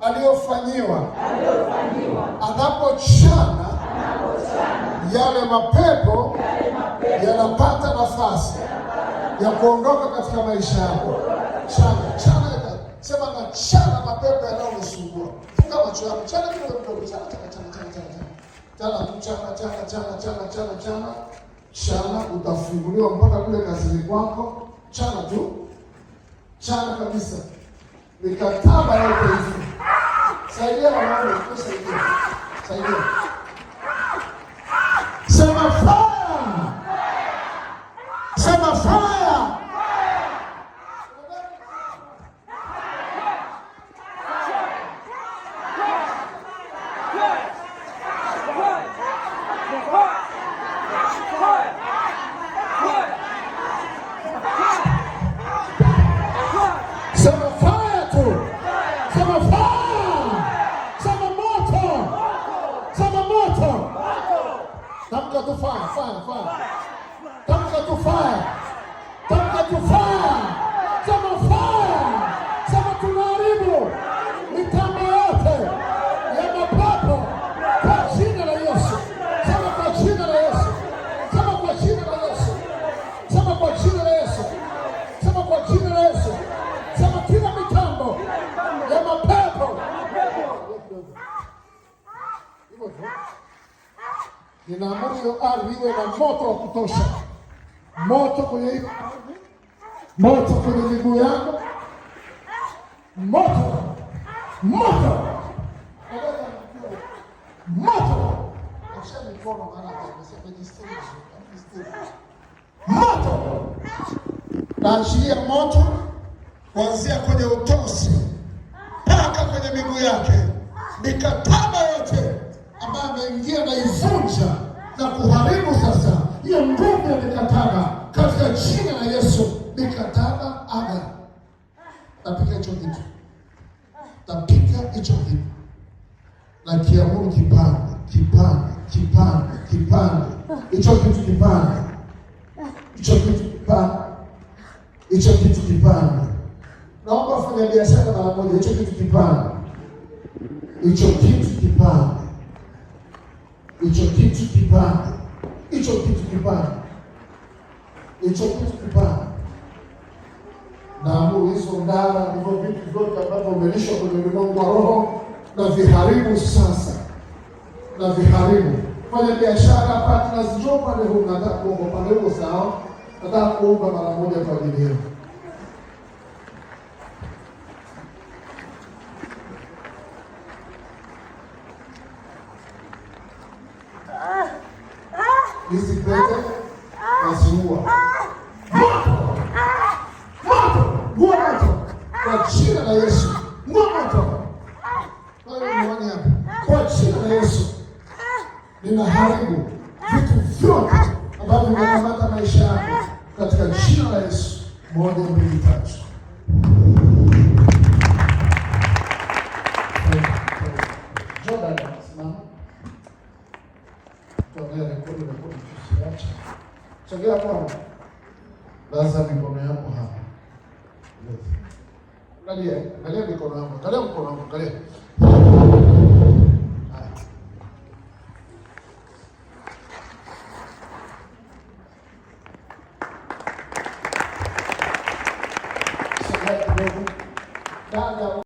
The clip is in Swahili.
aliyofanyiwa anapochana yale mapepo yanapata nafasi ya kuondoka katika maisha yako. Chana chana, sema na chana mapepo yanayonisumbua. Funga macho yako, chana kidogo kidogo, chana chana chana chana chana chana chana chana chana chana chana, utafunguliwa mpaka kule kazini kwako. Chana tu, chana kabisa, mikataba yote hivi Thank you. 都放了放了放了 ninaamuru hiyo ardhi iwe na moto wa kutosha, moto kwenye hiyo ardhi, moto kwenye miguu yako, moto moto moto moto. Naachilia moto kuanzia kwenye utosi mpaka kwenye miguu yake, mikataba yote ambaye ameingia na ivunja na kuharibu sasa hiyo nguvu ya mikataba katika jina la Yesu. Mikataba aga, napika hicho kitu, napika hicho kitu na kiamuru kipande kipande kipande kipande hicho kitu kipande hicho kitu kipande hicho kitu kipande. Naomba fanya biashara mara moja, hicho kitu kipande hicho kitu kipande hicho kitu kibaya, hicho kitu kibaya, hicho kitu kibaya naamuru hizo ndara, hivyo vitu vyote ambavyo umelishwa kwenye ulimwengu wa roho na viharibu sasa, na viharibu. Fanya biashara partners, njoo pale huu, nataka kuomba pale huo, sawa? Nataka kuomba mara moja kwa ajili yenu. hizi pete na surua moto, moto, moto kwa jina la Yesu, moto kwa jina la Yesu. Ninaharibu vitu vyote ambavyo vinakamata maisha yako katika jina la Yesu. Moja, mbili, tatu. Chakila mwana. Laza mikono yako hapa. Angalia, angalia mikono yako. Angalia mkono wako, angalia.